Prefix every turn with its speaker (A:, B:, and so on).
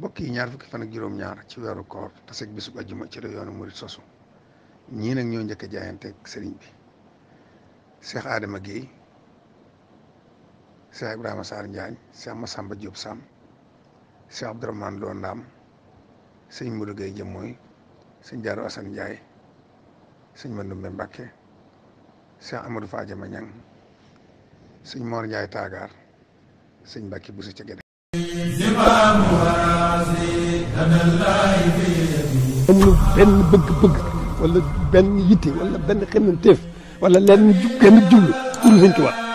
A: bokk yi ñaar fukki fan ak juróom-ñaar ci weeru koor taseeg bisub ajjuma ci la yoonu murit sosu ñii nag ñoo njëkk a jaayanteeg sëriñ bi Cheikh Adama Guèye Cheikh Ibrahima Sarr Njaañ Cheikh Massamba Diop Sam Cheikh Abdourahmane Lo Ndaam sëñ Modou Guèye Jëmmooy sëñ Jaaru Assane Ndiaye sëñ Mandumbe Mbàkke Cheikh Amadou Fadiama Niang sëñ Mor Ndiaye Taagaar sëñ Mbàkke Bousso ca Gede
B: amul benn bëgg-bëgg wala benn yitte wala benn xemmanteef wala lenn ju genn jublu pour Sëñ Tuubaa